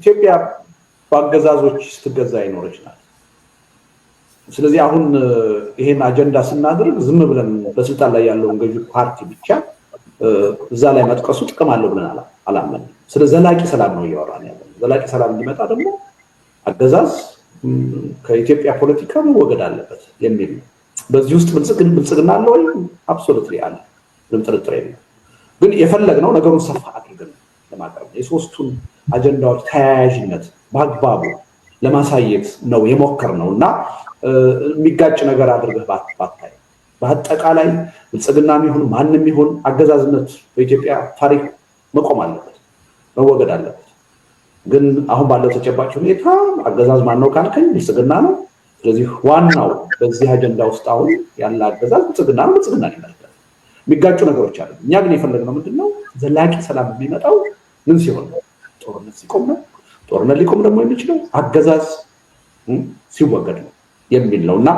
ኢትዮጵያ በአገዛዞች ስትገዛ ይኖረች ናት። ስለዚህ አሁን ይሄን አጀንዳ ስናደርግ ዝም ብለን በስልጣን ላይ ያለውን ገዢ ፓርቲ ብቻ እዛ ላይ መጥቀሱ ጥቅም አለው ብለን አላመን። ስለ ዘላቂ ሰላም ነው እያወራን ያለ። ዘላቂ ሰላም እንዲመጣ ደግሞ አገዛዝ ከኢትዮጵያ ፖለቲካ መወገድ አለበት የሚል ነው። በዚህ ውስጥ ብልጽግና አለ ወይም አብሶሉትሊ አለ፣ ምንም ጥርጥር የለም። ግን የፈለግነው ነገሩን ሰፋ አድርገን ለማቅረብ የሶስቱን አጀንዳዎች ተያያዥነት በአግባቡ ለማሳየት ነው የሞከር ነው እና የሚጋጭ ነገር አድርገህ ባታይ በአጠቃላይ ብልጽግናም ይሁን ማንም ይሁን አገዛዝነት በኢትዮጵያ ታሪክ መቆም አለበት፣ መወገድ አለበት። ግን አሁን ባለው ተጨባጭ ሁኔታ አገዛዝ ማነው ካልከኝ ብልጽግና ነው። ስለዚህ ዋናው በዚህ አጀንዳ ውስጥ አሁን ያለ አገዛዝ ብልጽግና ነው፣ ብልጽግና ይመለከታል። የሚጋጩ ነገሮች አሉ። እኛ ግን የፈለግነው ምንድነው ዘላቂ ሰላም የሚመጣው ምን ሲሆን ነው ጦርነት ሲቆም ነው። ጦርነት ሊቆም ደግሞ የሚችለው አገዛዝ ሲወገድ ነው የሚል ነው እና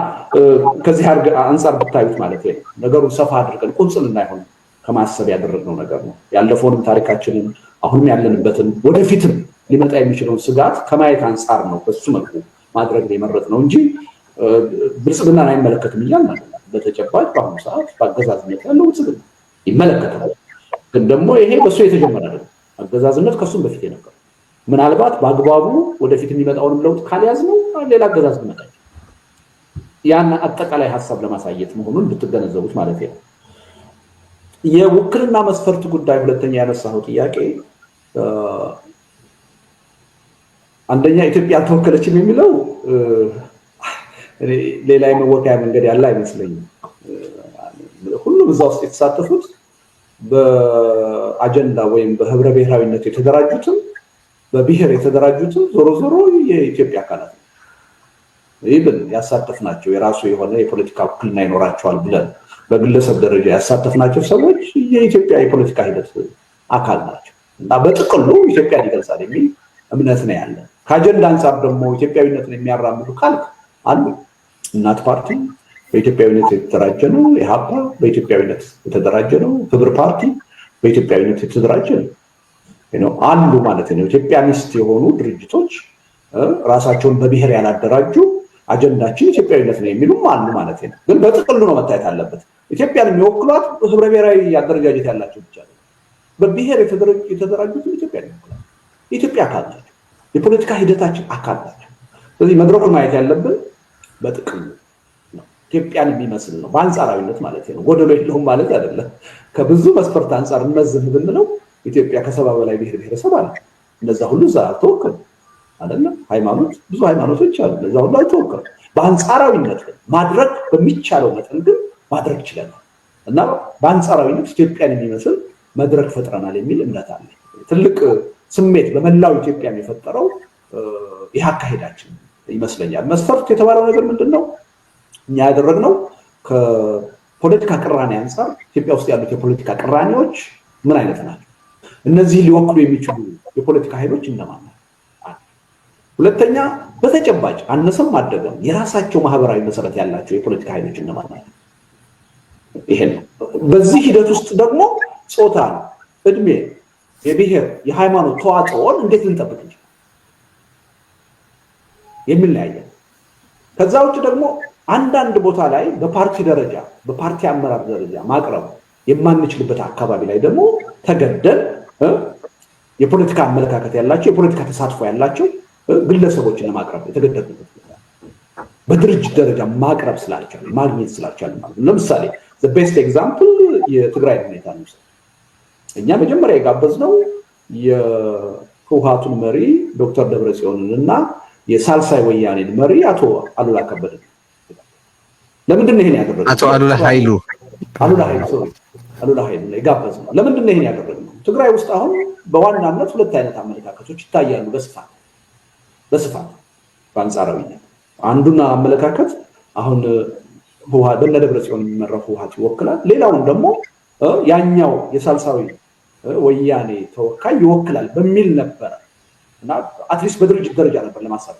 ከዚህ አንጻር ብታዩት ማለት ነው ነገሩን ሰፋ አድርገን ቁንጽል እናይሆን ከማሰብ ያደረግነው ነገር ነው። ያለፈውንም ታሪካችንን አሁንም ያለንበትን ወደፊትም ሊመጣ የሚችለውን ስጋት ከማየት አንጻር ነው በሱ መልኩ ማድረግ የመረጥ ነው እንጂ ብልጽግናን አይመለከትም እያልን አይደለም። በተጨባጭ በአሁኑ ሰዓት በአገዛዝነት ያለው ብልጽግና ይመለከታል። ግን ደግሞ ይሄ በሱ የተጀመረ አይደለም። አገዛዝነት ከሱም በፊት የነበረ ምናልባት በአግባቡ ወደፊት የሚመጣውንም ለውጥ ካልያዝ ነው ሌላ አገዛዝ ሊመጣ ያን አጠቃላይ ሀሳብ ለማሳየት መሆኑን ብትገነዘቡት ማለት ነው። የውክልና መስፈርት ጉዳይ ሁለተኛ ያነሳው ጥያቄ አንደኛ ኢትዮጵያ አልተወከለችም የሚለው ሌላ የመወካያ መንገድ ያለ አይመስለኝም። ሁሉም እዛ ውስጥ የተሳተፉት በአጀንዳ ወይም በህብረ ብሔራዊነት የተደራጁትም በብሔር የተደራጁትም ዞሮ ዞሮ የኢትዮጵያ አካላት ነው። ይህብን ያሳተፍናቸው የራሱ የሆነ የፖለቲካ ውክልና ይኖራቸዋል ብለን በግለሰብ ደረጃ ያሳተፍናቸው ሰዎች የኢትዮጵያ የፖለቲካ ሂደት አካል ናቸው እና በጥቅሉ ኢትዮጵያን ይገልጻል የሚል እምነት ነው ያለን። ከአጀንዳ አንጻር ደግሞ ኢትዮጵያዊነትን የሚያራምዱ ካልክ አሉ እናት ፓርቲ በኢትዮጵያዊነት የተደራጀ ነው። ኢህአፓ በኢትዮጵያዊነት የተደራጀ ነው። ህብር ፓርቲ በኢትዮጵያዊነት የተደራጀ ነው። አሉ ማለት ነው። ሚስት የሆኑ ድርጅቶች ራሳቸውን በብሔር ያላደራጁ አጀንዳችን ኢትዮጵያዊነት ነው የሚሉም አሉ ማለት ነው። ግን በጥቅሉ ነው መታየት አለበት። ኢትዮጵያን የሚወክሏት ህብረ ብሔራዊ አደረጃጀት ያላቸው ብቻ ነው። በብሔር የተደራጁት ኢትዮጵያ ይወክላል። ኢትዮጵያ አካል ናቸው። የፖለቲካ ሂደታችን አካል ናቸው። ስለዚህ መድረኩን ማየት ያለብን በጥቅሉ ኢትዮጵያን የሚመስል ነው። በአንጻራዊነት ማለት ነው። ጎደሎ የለውም ማለት አይደለም። ከብዙ መስፈርት አንጻር እንመዝን ብንለው ኢትዮጵያ ከሰባ በላይ ብሔር ብሔረሰብ አለ። እነዛ ሁሉ እዛ አልተወከሉ አይደለም። ሃይማኖት፣ ብዙ ሃይማኖቶች አሉ። እነዛ ሁሉ አልተወከሉ። በአንጻራዊነት ግን ማድረግ በሚቻለው መጠን ግን ማድረግ ችለናል እና በአንጻራዊነት ኢትዮጵያን የሚመስል መድረክ ፈጥረናል የሚል እምነት አለ። ትልቅ ስሜት በመላው ኢትዮጵያ የፈጠረው ይህ አካሄዳችን ይመስለኛል። መስፈርት የተባለው ነገር ምንድን ነው? እኛ ያደረግነው ከፖለቲካ ቅራኔ አንጻር ኢትዮጵያ ውስጥ ያሉት የፖለቲካ ቅራኔዎች ምን አይነት ናቸው? እነዚህ ሊወክሉ የሚችሉ የፖለቲካ ኃይሎች እነማን ናቸው? ሁለተኛ በተጨባጭ አነሰም አደገም የራሳቸው ማህበራዊ መሰረት ያላቸው የፖለቲካ ኃይሎች እነማን ናቸው? ይሄ ነው። በዚህ ሂደት ውስጥ ደግሞ ጾታ እድሜ፣ የብሔር፣ የሃይማኖት ተዋጽኦን እንዴት ልንጠብቅ እንችላል የሚለያየ ከዛ ውጭ ደግሞ አንዳንድ ቦታ ላይ በፓርቲ ደረጃ በፓርቲ አመራር ደረጃ ማቅረብ የማንችልበት አካባቢ ላይ ደግሞ ተገደን የፖለቲካ አመለካከት ያላቸው የፖለቲካ ተሳትፎ ያላቸው ግለሰቦችን ለማቅረብ የተገደድንበት በድርጅት ደረጃ ማቅረብ ስላልቻሉ ማግኘት ስላልቻሉ ማለት ነው። ለምሳሌ ቤስት ኤግዛምፕል የትግራይ ሁኔታ ነው። እኛ መጀመሪያ የጋበዝነው የህውሃቱን መሪ ዶክተር ደብረ ጽዮንን እና የሳልሳይ ወያኔን መሪ አቶ አሉላ ከበደን ለምንድን ነው ይሄን ያደረግነው? አቶ አሉላ ኃይሉ አሉላ ኃይሉ ሶሪ አሉላ ኃይሉ ላይ ነው። ለምንድን ነው ይሄን ያደረግነው? ትግራይ ውስጥ አሁን በዋናነት ሁለት አይነት አመለካከቶች ይታያሉ በስፋት በስፋት በአንጻራዊነት አንዱና አመለካከት አሁን ህወሓት በእነ ደብረ ጽዮን የሚመራው ህወሓት ይወክላል። ሌላውን ደግሞ ያኛው የሳልሳዊ ወያኔ ተወካይ ይወክላል በሚል ነበረ እና አትሊስት በድርጅት ደረጃ ነበር ለማሳተፍ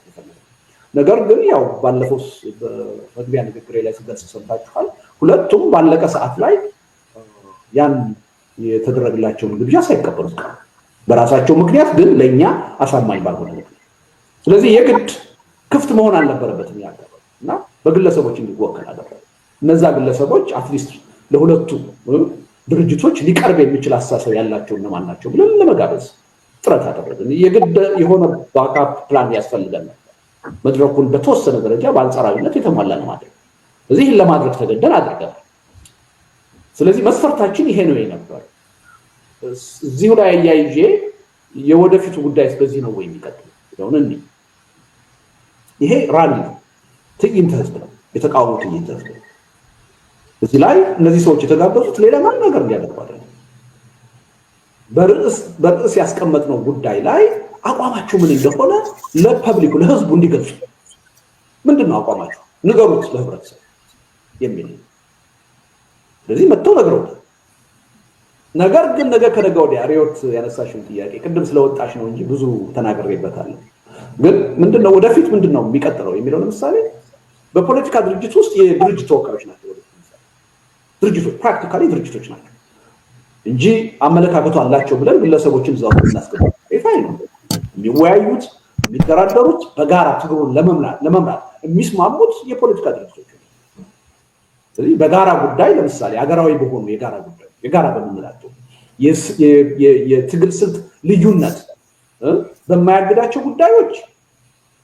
ነገር ግን ያው ባለፈው በመግቢያ ንግግሬ ላይ ስገልጽ ሰምታችኋል። ሁለቱም ባለቀ ሰዓት ላይ ያን የተደረግላቸውን ግብዣ ሳይቀበሉ ቀሩ። በራሳቸው ምክንያት ግን ለእኛ አሳማኝ ባልሆነ ምክንያት። ስለዚህ የግድ ክፍት መሆን አልነበረበትም ያቀረ እና በግለሰቦች እንዲወከል አደረገ። እነዛ ግለሰቦች አትሊስት ለሁለቱ ድርጅቶች ሊቀርብ የሚችል አስተሳሰብ ያላቸው እነማን ናቸው ብለን ለመጋበዝ ጥረት አደረግን። የግድ የሆነ ባካፕ ፕላን ያስፈልገናል። መድረኩን በተወሰነ ደረጃ በአንጻራዊነት የተሟላ ነው ስለዚህ እዚህን ለማድረግ ተገደን አድርገናል። ስለዚህ መስፈርታችን ይሄ ነው የነበር። እዚሁ ላይ አያይዤ የወደፊቱ ጉዳይ በዚህ ነው ወይ የሚቀጥለው ስለሆነ ይሄ ራሊ ነው፣ ትዕይንተ ህዝብ ነው፣ የተቃውሞ ትዕይንተ ህዝብ ነው። እዚህ ላይ እነዚህ ሰዎች የተጋበዙት ሌላ ማን ነገር እንዲያደርጉ አይደለም። በርዕስ ያስቀመጥነው ጉዳይ ላይ አቋማችሁ ምን እንደሆነ ለፐብሊኩ ለህዝቡ እንዲገልጹ ምንድን ነው አቋማችሁ ንገሩት ለህብረተሰብ የሚል ስለዚህ መጥተው ነግረውታል። ነገር ግን ነገ ከነገ ወዲያ ሪዮት ያነሳሽን ጥያቄ ቅድም ስለወጣሽ ነው እንጂ ብዙ ተናግሬበታለሁ። ግን ምንድነው ወደፊት ምንድነው የሚቀጥለው የሚለው ለምሳሌ በፖለቲካ ድርጅት ውስጥ የድርጅት ተወካዮች ናቸው። ድርጅቶች ፕራክቲካሊ ድርጅቶች ናቸው እንጂ አመለካከቱ አላቸው ብለን ግለሰቦችን እዛ እናስገባ ነው። የሚወያዩት የሚደራደሩት በጋራ ትግሩን ለመምራት የሚስማሙት የፖለቲካ ድርጅቶች ስለዚህ በጋራ ጉዳይ ለምሳሌ ሀገራዊ በሆኑ የጋራ ጉዳይ የጋራ በምንላቸው የትግል ስልት ልዩነት በማያግዳቸው ጉዳዮች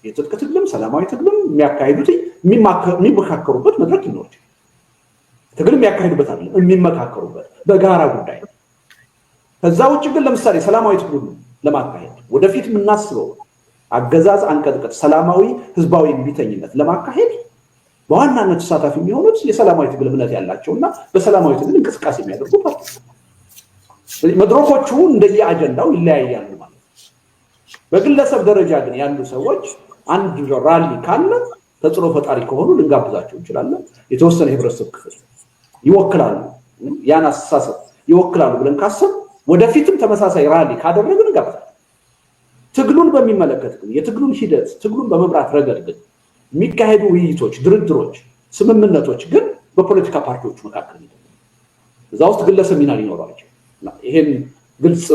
የትጥቅ ትግልም ሰላማዊ ትግልም የሚያካሂዱት የሚመካከሩበት መድረክ ይኖር ትግል የሚያካሂዱበት አለ የሚመካከሩበት በጋራ ጉዳይ ከዛ ውጭ ግን ለምሳሌ ሰላማዊ ትግሉ ለማካሄድ ወደፊት የምናስበው አገዛዝ አንቀጥቀጥ ሰላማዊ ህዝባዊ ቢተኝነት ለማካሄድ በዋናነት ተሳታፊ የሚሆኑት የሰላማዊ ትግል እምነት ያላቸውና በሰላማዊ ትግል እንቅስቃሴ የሚያደርጉ መድረኮቹ እንደየ አጀንዳው ይለያያሉ ማለት ነው። በግለሰብ ደረጃ ግን ያሉ ሰዎች አንድ ራሊ ካለ ተጽዕኖ ፈጣሪ ከሆኑ ልንጋብዛቸው እንችላለን። የተወሰነ የህብረተሰብ ክፍል ይወክላሉ፣ ያን አስተሳሰብ ይወክላሉ ብለን ካሰብ ወደፊትም ተመሳሳይ ራሊ ካደረግን እንጋብዛለን። ትግሉን በሚመለከት ግን የትግሉን ሂደት ትግሉን በመምራት ረገድ ግን የሚካሄዱ ውይይቶች፣ ድርድሮች፣ ስምምነቶች ግን በፖለቲካ ፓርቲዎች መካከል ይደ እዛ ውስጥ ግለሰብ ሚና ሊኖራቸው ይሄን ግልጽ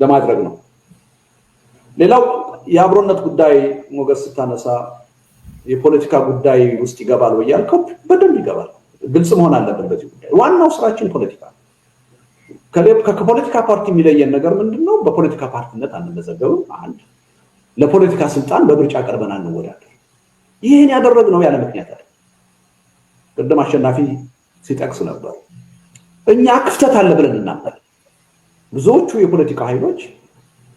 ለማድረግ ነው። ሌላው የአብሮነት ጉዳይ ሞገስ ስታነሳ የፖለቲካ ጉዳይ ውስጥ ይገባል ወይ ያልከው፣ በደንብ ይገባል። ግልጽ መሆን አለበት በዚህ ጉዳይ። ዋናው ስራችን ፖለቲካ ነው። ከፖለቲካ ፓርቲ የሚለየን ነገር ምንድን ነው? በፖለቲካ ፓርቲነት አንመዘገብም። አንድ ለፖለቲካ ስልጣን በምርጫ ቀርበን አንወዳደር። ይህን ያደረግነው ያለ ምክንያት አለ። ቅድም አሸናፊ ሲጠቅስ ነበር። እኛ ክፍተት አለ ብለን እናምናል። ብዙዎቹ የፖለቲካ ኃይሎች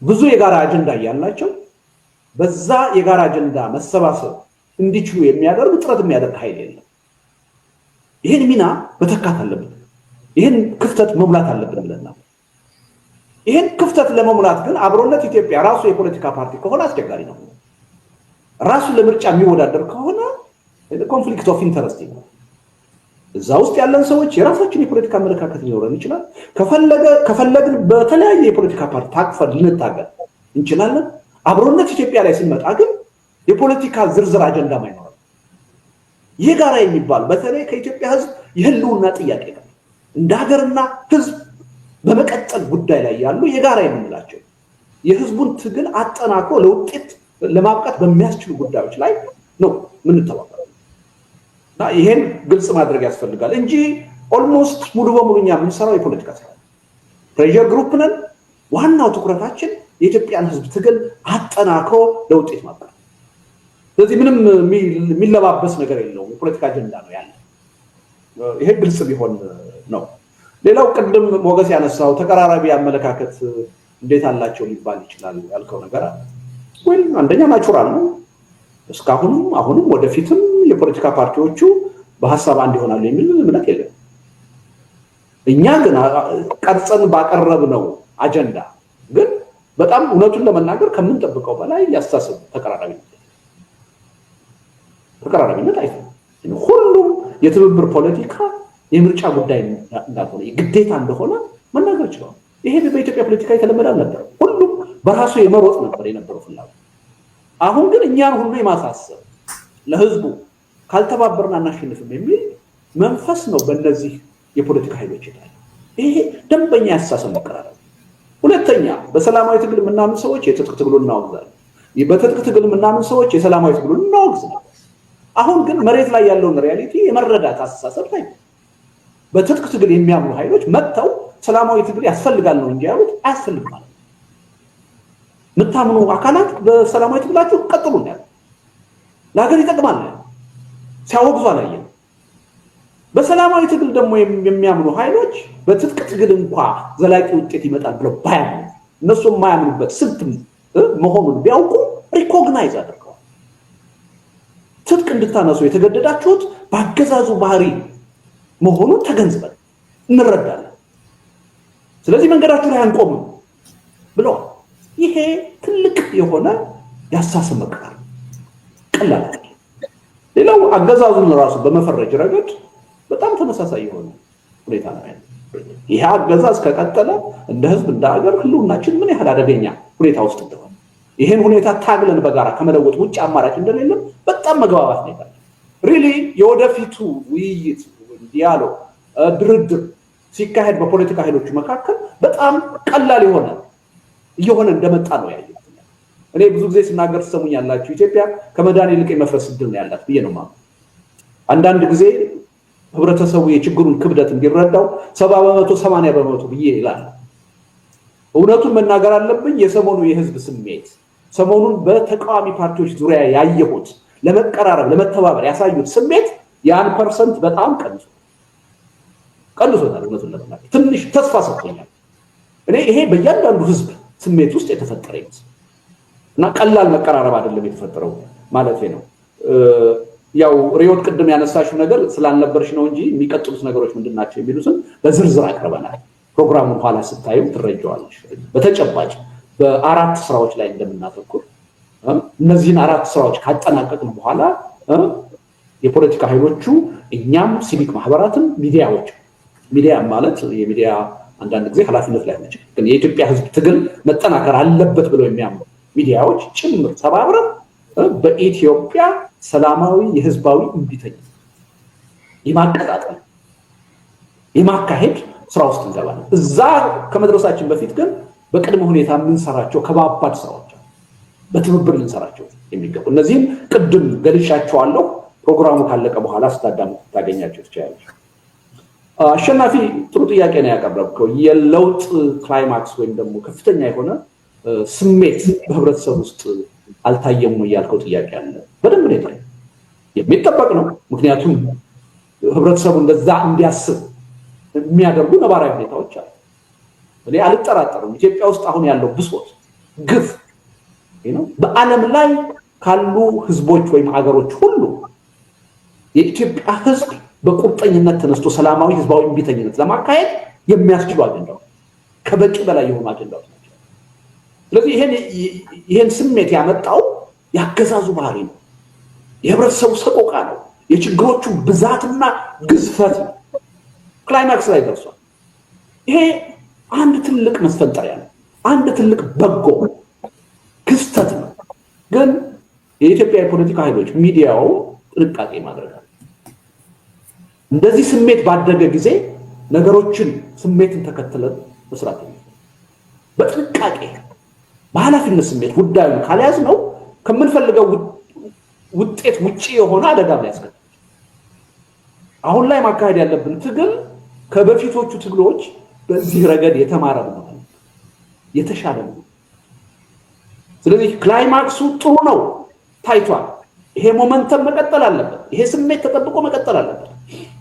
ብዙ የጋራ አጀንዳ እያላቸው በዛ የጋራ አጀንዳ መሰባሰብ እንዲችሉ የሚያደርግ ጥረት የሚያደርግ ኃይል የለም። ይህን ሚና መተካት አለብን። ይህን ክፍተት መሙላት አለብን ብለና ይህን ክፍተት ለመሙላት ግን አብሮነት ኢትዮጵያ ራሱ የፖለቲካ ፓርቲ ከሆነ አስቸጋሪ ነው። ራሱ ለምርጫ የሚወዳደር ከሆነ ኮንፍሊክት ኦፍ ኢንተረስት ነው። እዛ ውስጥ ያለን ሰዎች የራሳችን የፖለቲካ አመለካከት ሊኖረን ይችላል። ከፈለግን በተለያየ የፖለቲካ ፓርቲ ታቅፈን ልንታገል እንችላለን። አብሮነት ኢትዮጵያ ላይ ስንመጣ ግን የፖለቲካ ዝርዝር አጀንዳ አይኖርም። የጋራ የሚባል በተለይ ከኢትዮጵያ ሕዝብ የህልውና ጥያቄ ጋር እንደ ሀገርና ህዝብ በመቀጠል ጉዳይ ላይ ያሉ የጋራ የምንላቸው የህዝቡን ትግል አጠናክሮ ለውጤት ለማብቃት በሚያስችሉ ጉዳዮች ላይ ነው የምንተባበረው ይሄን ግልጽ ማድረግ ያስፈልጋል እንጂ ኦልሞስት ሙሉ በሙሉ እኛ የምንሰራው የፖለቲካ ስራ ፕሬር ግሩፕ ነን። ዋናው ትኩረታችን የኢትዮጵያን ህዝብ ትግል አጠናክሮ ለውጤት ማብቃት። ስለዚህ ምንም የሚለባበስ ነገር የለውም። የፖለቲካ አጀንዳ ነው ያለ። ይሄ ግልጽ ቢሆን ነው። ሌላው ቅድም ሞገስ ያነሳው ተቀራራቢ አመለካከት እንዴት አላቸው ሊባል ይችላል ያልከው ነገር አለ። አንደኛ ናቹራል ነው። እስካሁንም አሁንም ወደፊትም የፖለቲካ ፓርቲዎቹ በሀሳብ አንድ ይሆናሉ የሚል እምነት የለም። እኛ ግን ቀርጸን ነው አጀንዳ ግን በጣም እውነቱን ለመናገር ከምንጠብቀው በላይ ያስተሳሰብ ተቀራራቢነት ተቀራራቢነት አይተ ሁሉም የትብብር ፖለቲካ የምርጫ ጉዳይ እንዳልሆነ ግዴታ እንደሆነ መናገር ችለዋል። ይሄ በኢትዮጵያ ፖለቲካ የተለመደ አልነበረም። ሁሉም በራሱ የመሮጥ ነበር የነበረው ፍላጎት። አሁን ግን እኛን ሁሉ የማሳሰብ ለህዝቡ ካልተባበርን አናሸንፍም የሚል መንፈስ ነው በእነዚህ የፖለቲካ ኃይሎች ይታል። ይሄ ደንበኛ ያሳሰብ መቀራረብ። ሁለተኛ በሰላማዊ ትግል የምናምን ሰዎች የትጥቅ ትግሉ እናወግዛለን። በትጥቅ ትግል የምናምን ሰዎች የሰላማዊ ትግሉ እናወግዝ ነበር። አሁን ግን መሬት ላይ ያለውን ሪያሊቲ የመረዳት አስተሳሰብ ላይ በትጥቅ ትግል የሚያምኑ ኃይሎች መጥተው ሰላማዊ ትግል ያስፈልጋል ነው እንጂ ያሉት አያስፈልግ ማለት የምታምኑ አካላት በሰላማዊ ትግላችሁ ቀጥሉ ነው ለሀገር ይጠቅማል ሲያወግዙ አላየን። በሰላማዊ ትግል ደግሞ የሚያምኑ ኃይሎች በትጥቅ ትግል እንኳ ዘላቂ ውጤት ይመጣል ብለው ባያምኑ እነሱ የማያምኑበት ስልት መሆኑን ቢያውቁ ሪኮግናይዝ አድርገዋል። ትጥቅ እንድታነሱ የተገደዳችሁት በአገዛዙ ባህሪ መሆኑን ተገንዝበን እንረዳለን። ስለዚህ መንገዳችሁ ላይ አንቆምም ብለዋል። ይሄ ትልቅ የሆነ ያሳስብ መቅጣር ቀላል ሌላው አገዛዙን ራሱ በመፈረጅ ረገድ በጣም ተመሳሳይ የሆነ ሁኔታ ነው ያለ። ይሄ አገዛዝ ከቀጠለ እንደ ህዝብ እንደ ሀገር ህልውናችን ምን ያህል አደገኛ ሁኔታ ውስጥ እንደሆነ ይህን ሁኔታ ታግለን በጋራ ከመለወጥ ውጭ አማራጭ እንደሌለም በጣም መግባባት ነው ሪሊ የወደፊቱ ውይይት ዲያሎግ፣ ድርድር ሲካሄድ በፖለቲካ ኃይሎቹ መካከል በጣም ቀላል የሆነ እየሆነ እንደመጣ ነው ያየ። እኔ ብዙ ጊዜ ስናገር ትሰሙኝ ያላችሁ ኢትዮጵያ ከመዳን ይልቅ የመፍረስ እድል ነው ያላት ብዬ ነው ማለት። አንዳንድ ጊዜ ህብረተሰቡ የችግሩን ክብደት እንዲረዳው ሰባ በመቶ ሰማንያ በመቶ ብዬ ይላል። እውነቱን መናገር አለብኝ። የሰሞኑ የህዝብ ስሜት ሰሞኑን በተቃዋሚ ፓርቲዎች ዙሪያ ያየሁት ለመቀራረብ ለመተባበር ያሳዩት ስሜት የአንድ ፐርሰንት በጣም ቀንሷል። ቀንሶታል። እውነቱን ለመናገር ትንሽ ተስፋ ሰጥቶኛል። እኔ ይሄ በእያንዳንዱ ህዝብ ስሜት ውስጥ የተፈጠረ እና ቀላል መቀራረብ አይደለም የተፈጠረው ማለት ነው። ያው ሪዮት ቅድም ያነሳሽው ነገር ስላልነበርሽ ነው እንጂ የሚቀጥሉት ነገሮች ምንድን ናቸው የሚሉትን በዝርዝር አቅርበናል። ፕሮግራሙን ኋላ ስታዩ ትረጃዋለሽ። በተጨባጭ በአራት ስራዎች ላይ እንደምናተኩር እነዚህን አራት ስራዎች ካጠናቀቅን በኋላ የፖለቲካ ኃይሎቹ እኛም ሲቪክ ማህበራትም ሚዲያዎች ሚዲያ ማለት የሚዲያ አንዳንድ ጊዜ ኃላፊነት ላይ ነች። ግን የኢትዮጵያ ህዝብ ትግል መጠናከር አለበት ብለው የሚያምሩ ሚዲያዎች ጭምር ተባብረን በኢትዮጵያ ሰላማዊ የህዝባዊ እንቢተኝ የማቀጣጠል የማካሄድ ስራ ውስጥ እንገባለን። እዛ ከመድረሳችን በፊት ግን በቅድመ ሁኔታ የምንሰራቸው ከባባድ ስራዎች በትብብር ልንሰራቸው የሚገቡ እነዚህም ቅድም ገልሻቸዋለሁ። ፕሮግራሙ ካለቀ በኋላ ስታዳሙ ታገኛቸው ትችላለች። አሸናፊ ጥሩ ጥያቄ ነው ያቀረብከው። የለውጥ ክላይማክስ ወይም ደግሞ ከፍተኛ የሆነ ስሜት በህብረተሰብ ውስጥ አልታየም ያልከው ጥያቄ አለ። በደንብ ነው የታየው፣ የሚጠበቅ ነው። ምክንያቱም ህብረተሰቡ እንደዛ እንዲያስብ የሚያደርጉ ነባራዊ ሁኔታዎች አሉ። እኔ አልጠራጠርም። ኢትዮጵያ ውስጥ አሁን ያለው ብሶት፣ ግፍ በዓለም ላይ ካሉ ህዝቦች ወይም ሀገሮች ሁሉ የኢትዮጵያ ህዝብ በቁርጠኝነት ተነስቶ ሰላማዊ ህዝባዊ እምቢተኝነት ለማካሄድ የሚያስችሉ አጀንዳዎች ከበቂ በላይ የሆኑ አጀንዳዎች ናቸው። ስለዚህ ይህን ስሜት ያመጣው ያገዛዙ ባህሪ ነው፣ የህብረተሰቡ ሰቆቃ ነው፣ የችግሮቹ ብዛትና ግዝፈት ነው። ክላይማክስ ላይ ደርሷል። ይሄ አንድ ትልቅ መስፈንጠሪያ ነው፣ አንድ ትልቅ በጎ ክስተት ነው። ግን የኢትዮጵያ የፖለቲካ ኃይሎች ሚዲያው ጥንቃቄ ማድረግ እንደዚህ ስሜት ባደገ ጊዜ ነገሮችን ስሜትን ተከትለን መስራት በጥንቃቄ በኃላፊነት ስሜት ጉዳዩን ካልያዝ ነው ከምንፈልገው ውጤት ውጭ የሆነ አደጋ ላይ ያስከትላል። አሁን ላይ ማካሄድ ያለብን ትግል ከበፊቶቹ ትግሎች በዚህ ረገድ የተማረ ነው፣ የተሻለ ነው። ስለዚህ ክላይማክሱ ጥሩ ነው ታይቷል። ይሄ ሞመንተም መቀጠል አለበት። ይሄ ስሜት ተጠብቆ መቀጠል አለበት።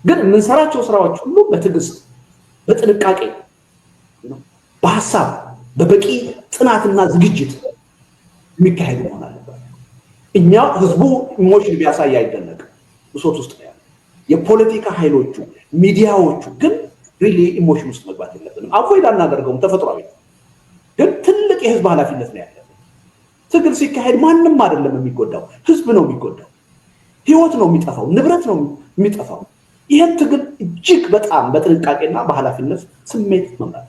ግን የምንሰራቸው ስራዎች ሁሉ በትዕግስት፣ በጥንቃቄ፣ በሀሳብ፣ በበቂ ጥናትና ዝግጅት የሚካሄድ መሆን አለበት። እኛ ህዝቡ ኢሞሽን ቢያሳይ አይደነቅም። ብሶት ውስጥ ነው ያለ። የፖለቲካ ኃይሎቹ ሚዲያዎቹ ግን ሪሊ ኢሞሽን ውስጥ መግባት የለብንም። አቮይድ አናደርገውም፣ ተፈጥሯዊ ግን ትልቅ የህዝብ ኃላፊነት ነው ያለ። ትግል ሲካሄድ ማንም አይደለም የሚጎዳው፣ ህዝብ ነው የሚጎዳው። ህይወት ነው የሚጠፋው፣ ንብረት ነው የሚጠፋው። ይህን ትግል እጅግ በጣም በጥንቃቄና በኃላፊነት ስሜት መምራት።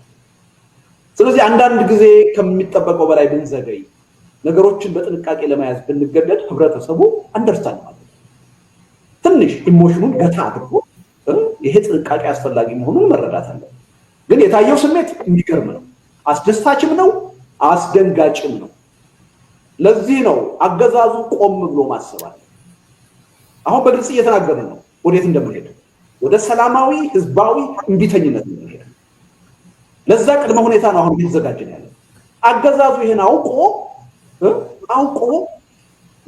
ስለዚህ አንዳንድ ጊዜ ከሚጠበቀው በላይ ብንዘገይ፣ ነገሮችን በጥንቃቄ ለመያዝ ብንገደድ ህብረተሰቡ አንደርስታንድ ማለት ትንሽ ኢሞሽኑን ገታ አድርጎ ይሄ ጥንቃቄ አስፈላጊ መሆኑን መረዳት አለ። ግን የታየው ስሜት የሚገርም ነው። አስደሳችም ነው፣ አስደንጋጭም ነው። ለዚህ ነው አገዛዙ ቆም ብሎ ማሰባል አሁን በግልጽ እየተናገርን ነው ወዴት እንደምንሄድ ወደ ሰላማዊ ህዝባዊ እንቢተኝነት ነው ለዛ ቅድመ ሁኔታ ነው አሁን እየተዘጋጀን ያለ። አገዛዙ ይሄን አውቆ አውቆ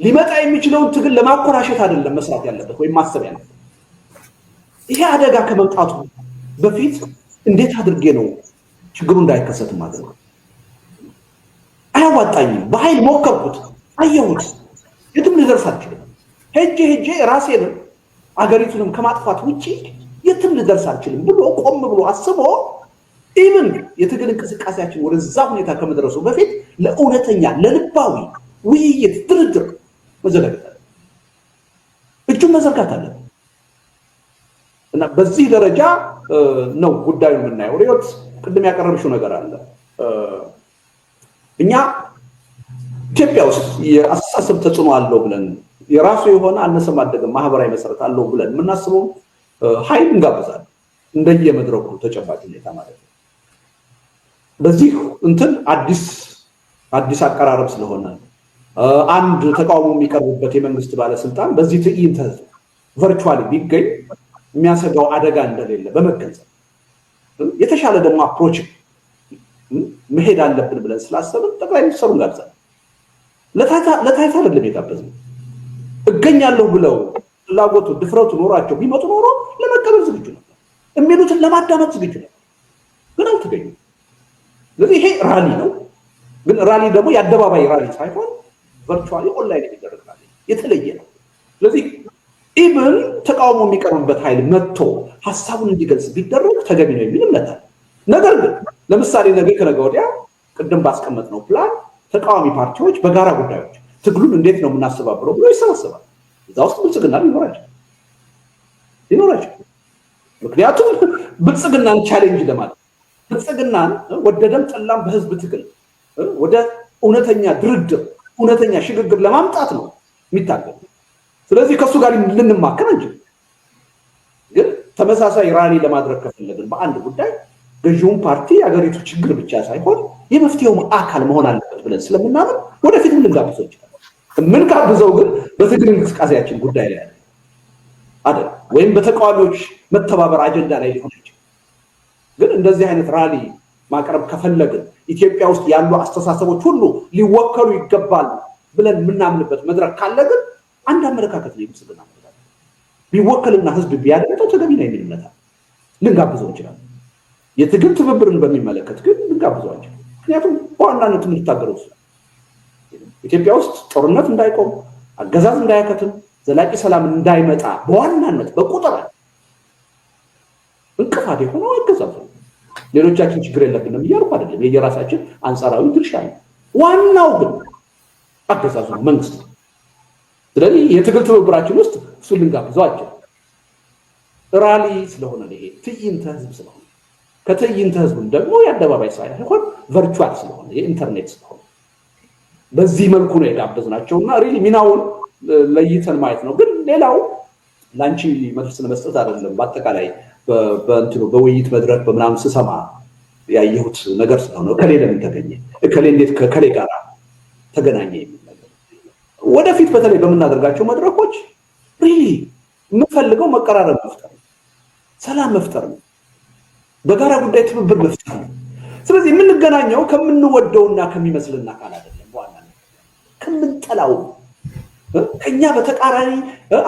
ሊመጣ የሚችለውን ትግል ለማኮራሸት አይደለም መስራት ያለበት ወይም ማሰቢያ ነው። ይሄ አደጋ ከመምጣቱ በፊት እንዴት አድርጌ ነው ችግሩ እንዳይከሰት ማድረግ አያዋጣኝም። በኃይል ሞከርኩት፣ አየሁት፣ የትም ልደርስ አልችልም። ሄጄ ሄጄ ራሴንም አገሪቱንም ከማጥፋት ውጭ የትም ልደርስ አልችልም ብሎ ቆም ብሎ አስቦ ኢብን የትግል እንቅስቃሴያችን ወደዛ ሁኔታ ከመድረሱ በፊት ለእውነተኛ ለልባዊ ውይይት፣ ድርድር መዘጋጀት አለ እጁን መዘርጋት አለ እና በዚህ ደረጃ ነው ጉዳዩ የምናየው። ሪዮት ቅድም ያቀረብሽው ነገር አለ። እኛ ኢትዮጵያ ውስጥ የአስተሳሰብ ተጽዕኖ አለው ብለን የራሱ የሆነ አነሰም ማደግ ማህበራዊ መሰረት አለው ብለን የምናስበው ሀይል እንጋብዛለን እንደየመድረኩ ተጨባጭ ሁኔታ ማለት ነው። በዚህ እንትን አዲስ አዲስ አቀራረብ ስለሆነ አንድ ተቃውሞ የሚቀርብበት የመንግስት ባለስልጣን በዚህ ትዕይንት ቨርቹዋሊ ቢገኝ የሚያሰጋው አደጋ እንደሌለ በመገንዘብ የተሻለ ደግሞ አፕሮች መሄድ አለብን ብለን ስላሰብን ጠቅላይ ሚኒስትሩን ጋብዛል። ለታይታ አይደለም የጋበዝነው እገኛለሁ ብለው ፍላጎቱ ድፍረቱ ኖሯቸው ቢመጡ ኖሮ ለመቀበል ዝግጁ ነበር፣ የሚሉትን ለማዳመጥ ዝግጁ ነበር። ግን አልተገኙ። ስለዚህ ይሄ ራሊ ነው። ግን ራሊ ደግሞ የአደባባይ ራሊ ሳይሆን ቨርቹዋሊ ኦንላይን የሚደረግ ራሊ የተለየ ነው። ስለዚህ ኢብን ተቃውሞ የሚቀርብበት ኃይል መጥቶ ሀሳቡን እንዲገልጽ ቢደረግ ተገቢ ነው የሚል እምነት አለ። ነገር ግን ለምሳሌ ነገ ከነገ ወዲያ ቅድም ባስቀመጥ ነው ፕላን ተቃዋሚ ፓርቲዎች በጋራ ጉዳዮች ትግሉን እንዴት ነው የምናስተባብረው ብሎ ይሰባሰባል። እዛ ውስጥ ብልጽግና ሊኖራል ሊኖራል። ምክንያቱም ብልጽግናን ቻሌንጅ ለማለት ብልጽግናን ወደደም ጠላም በህዝብ ትግል ወደ እውነተኛ ድርድር እውነተኛ ሽግግር ለማምጣት ነው የሚታገል። ስለዚህ ከእሱ ጋር ልንማከር እንጂ ግን ተመሳሳይ ራሊ ለማድረግ ከፈለግን በአንድ ጉዳይ ገዢውን ፓርቲ የአገሪቱ ችግር ብቻ ሳይሆን የመፍትሄውም አካል መሆን አለበት ብለን ስለምናምን ወደፊት ልንጋብዘው ምን ጋብዘው ግን በትግል እንቅስቃሴያችን ጉዳይ ላይ አይደል፣ ወይም በተቃዋሚዎች መተባበር አጀንዳ ላይ ሊሆን አይችል። ግን እንደዚህ አይነት ራሊ ማቅረብ ከፈለግን ኢትዮጵያ ውስጥ ያሉ አስተሳሰቦች ሁሉ ሊወከሉ ይገባሉ ብለን የምናምንበት መድረክ ካለ ግን አንድ አመለካከት ነው የምስልና ቢወከልና ህዝብ ቢያደምጠው ተገቢ ነው የሚል እምነት ልንጋብዘው እንችላለን። የትግል ትብብርን በሚመለከት ግን ልንጋብዘው አንችል። ምክንያቱም በዋናነት የምንታገለው ኢትዮጵያ ውስጥ ጦርነት እንዳይቆም፣ አገዛዝ እንዳያከትም፣ ዘላቂ ሰላም እንዳይመጣ በዋናነት በቁጥር እንቅፋት የሆነው አገዛዝ ነው። ሌሎቻችን ችግር የለብንም እያልኩ አይደለም። የየራሳችን አንጻራዊ ድርሻ ነው። ዋናው ግን አገዛዙ መንግስት ነው። ስለዚህ የትግል ትብብራችን ውስጥ እሱ ልንጋብዘዋቸው። ራሊ ስለሆነ ይሄ ትዕይንተ ህዝብ ስለሆነ ከትዕይንተ ህዝብም ደግሞ የአደባባይ ሳይሆን ቨርቹዋል ስለሆነ የኢንተርኔት ስለሆነ በዚህ መልኩ ነው የጋበዝናቸው እና ሪሊ ሚናውን ለይተን ማየት ነው። ግን ሌላው ለአንቺ መልስ ለመስጠት አይደለም። በአጠቃላይ በእንትኑ በውይይት መድረክ በምናምን ስሰማ ያየሁት ነገር ስለሆነ እከሌ ለምን ተገኘ፣ እከሌ እንዴት ከከሌ ጋር ተገናኘ የሚል ነገር ወደፊት በተለይ በምናደርጋቸው መድረኮች ሪሊ የምንፈልገው መቀራረብ መፍጠር ሰላም መፍጠር ነው፣ በጋራ ጉዳይ ትብብር መፍጠር ነው። ስለዚህ የምንገናኘው ከምንወደውና ከሚመስልን አካል አይደለም። ከምንጠላው ከኛ በተቃራኒ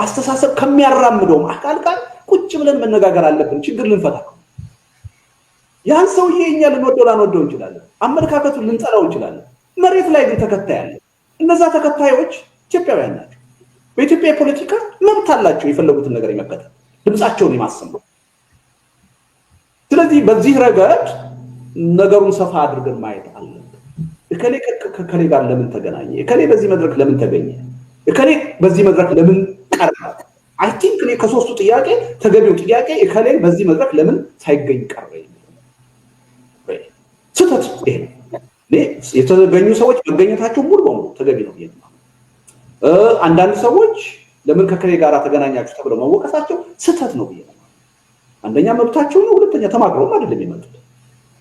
አስተሳሰብ ከሚያራምደውም አካል ጋር ቁጭ ብለን መነጋገር አለብን። ችግር ልንፈታ ያን ሰውዬ እኛ ልንወደው ላንወደው እንችላለን። አመለካከቱን ልንጠላው እንችላለን። መሬት ላይ ግን ተከታይ አለ። እነዛ ተከታዮች ኢትዮጵያውያን ናቸው። በኢትዮጵያ የፖለቲካ መብት አላቸው የፈለጉትን ነገር የመከተል ድምፃቸውን የማሰማት። ስለዚህ በዚህ ረገድ ነገሩን ሰፋ አድርገን ማየት አለ እከሌ ከከሌ ጋር ለምን ተገናኘ? እከሌ በዚህ መድረክ ለምን ተገኘ? እከሌ በዚህ መድረክ ለምን ቀረ? አይ ቲንክ እኔ ከሶስቱ ጥያቄ ተገቢው ጥያቄ እከሌ በዚህ መድረክ ለምን ሳይገኝ ቀረ ስህተት ይሄ ነው። የተገኙ ሰዎች መገኘታቸው ሙሉ በሙሉ ተገቢ ነው። አንዳንድ ሰዎች ለምን ከከሌ ጋር ተገናኛችሁ ተብለው መወቀሳቸው ስህተት ነው ብዬ አንደኛ መብታቸው ነው፣ ሁለተኛ ተማክረውም አይደለም የመጡት።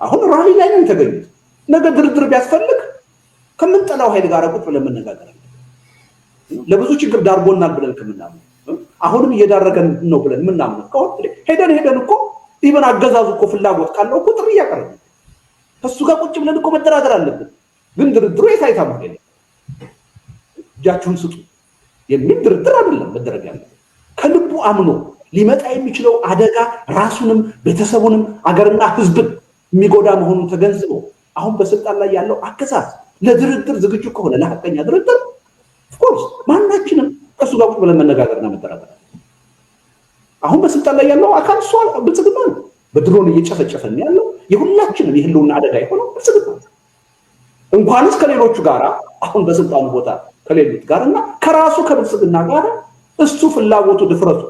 አሁን ራሊ ላይ ነው የተገኙት። ነገ ድርድር ቢያስፈልግ ከምንጠላው ኃይል ጋር ቁጭ ብለን መነጋገር ለብዙ ችግር ዳርጎናል ብለን ከምናምን አሁንም እየዳረገን ነው ብለን ምናምን ከሆነ ሄደን ሄደን እኮ ኢቨን አገዛዙ እኮ ፍላጎት ካለው እኮ ጥሪ እያቀረበ ከሱ ጋር ቁጭ ብለን እኮ መደራደር አለብን። ግን ድርድሩ የታይታ ማ እጃችሁን ስጡ የሚል ድርድር አይደለም መደረግ ያለበት። ከልቡ አምኖ ሊመጣ የሚችለው አደጋ ራሱንም ቤተሰቡንም አገርና ሕዝብን የሚጎዳ መሆኑን ተገንዝበው አሁን በስልጣን ላይ ያለው አከሳስ ለድርድር ዝግጁ ከሆነ ለሀቀኛ ድርድር ኦፍኮርስ ማናችንም ከእሱ ጋር ቁጭ ብለን መነጋገር መነጋገርና መጠራጠር አሁን በስልጣን ላይ ያለው አካል እሷ ብልጽግና ነው። በድሮን እየጨፈጨፈን ያለው የሁላችንም የህልውና አደጋ የሆነው ብልጽግና እንኳንስ ከሌሎቹ ጋራ አሁን በስልጣኑ ቦታ ከሌሉት ጋር እና ከራሱ ከብልጽግና ጋር እሱ ፍላጎቱ፣ ድፍረቱ፣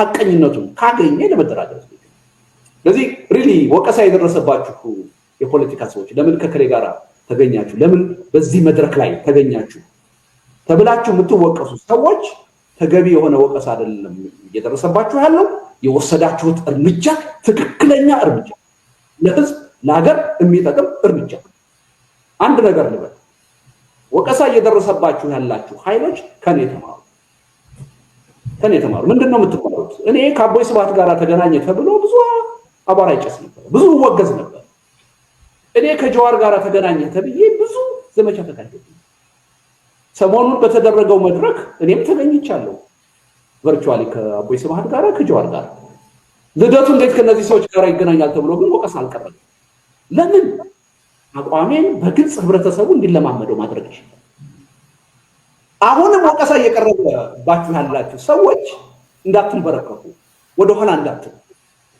ሀቀኝነቱን ካገኘ ለመደራደር ስለዚህ ሪሊ ወቀሳ የደረሰባችሁ የፖለቲካ ሰዎች ለምን ከከሌ ጋር ተገኛችሁ፣ ለምን በዚህ መድረክ ላይ ተገኛችሁ ተብላችሁ የምትወቀሱ ሰዎች ተገቢ የሆነ ወቀስ አይደለም እየደረሰባችሁ ያለው። የወሰዳችሁት እርምጃ ትክክለኛ እርምጃ፣ ለህዝብ ለሀገር የሚጠቅም እርምጃ። አንድ ነገር ልበል፣ ወቀሳ እየደረሰባችሁ ያላችሁ ኃይሎች ከኔ ተማሩ፣ ከኔ ተማሩ። ምንድን ነው የምትማሩት? እኔ ከአቦይ ስብሐት ጋር ተገናኘ ተብሎ ብዙ አቧራ ይጨስ ነበር፣ ብዙ ወገዝ ነበር። እኔ ከጀዋር ጋር ተገናኘ ተብዬ ብዙ ዘመቻ ተካሄደ። ሰሞኑን በተደረገው መድረክ እኔም ተገኝቻለሁ። ቨርቹዋሊ ከአቦይ ስብሃት ጋር ከጀዋር ጋር ልደቱ እንዴት ከነዚህ ሰዎች ጋር ይገናኛል ተብሎ ግን ወቀስ አልቀረም። ለምን አቋሜን በግልጽ ህብረተሰቡ እንዲለማመደው ማድረግ ይችላል። አሁንም ወቀሳ እየቀረበባችሁ ያላችሁ ሰዎች እንዳትንበረከኩ፣ ወደኋላ እንዳትሉ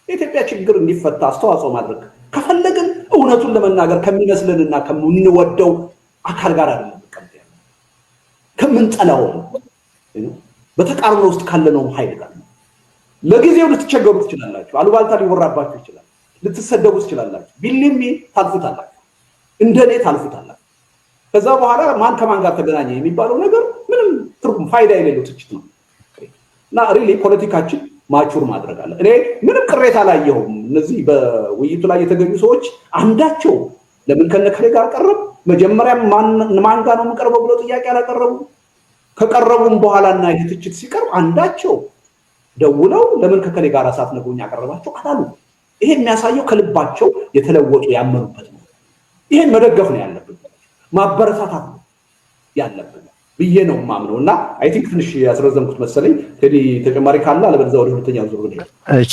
የኢትዮጵያ ችግር እንዲፈታ አስተዋጽኦ ማድረግ ከፈለግን እውነቱን ለመናገር ከሚመስልንና ከምንወደው አካል ጋር አይደለም ከምንጠላው በተቃርኖ ውስጥ ካለነውም ኃይል ጋር ለጊዜው ልትቸገሩ ትችላላችሁ። አሉባልታ ሊወራባችሁ ይችላል። ልትሰደቡ ትችላላችሁ። ቢልሚ ታልፉታላችሁ፣ እንደኔ ታልፉታላችሁ። ከዛ በኋላ ማን ከማን ጋር ተገናኘ የሚባለው ነገር ምንም ትርጉም ፋይዳ የሌለው ትችት ነው እና ሪሊ ፖለቲካችን ማቹር ማድረግ አለ። እኔ ምንም ቅሬታ አላየሁም። እነዚህ በውይይቱ ላይ የተገኙ ሰዎች አንዳቸው ለምን ከነከሌ ጋር ቀረብ መጀመሪያም ማን ጋር ነው የምቀርበው ብለው ጥያቄ አላቀረቡ። ከቀረቡም በኋላና ይህ ትችት ሲቀርብ አንዳቸው ደውለው ለምን ከከሌ ጋር ሳትነግሩኝ ያቀረባቸው አላሉ። ይሄ የሚያሳየው ከልባቸው የተለወጡ ያመኑበት ነው። ይሄን መደገፍ ነው ያለብን፣ ማበረታታት ነው ያለብን። ብዬ ነው የማምነው እና አይ ቲንክ ትንሽ ያስረዘምኩት መሰለኝ። ቴዲ ተጨማሪ ካለ አለበለዚያ ወደ ሁለተኛ ዙር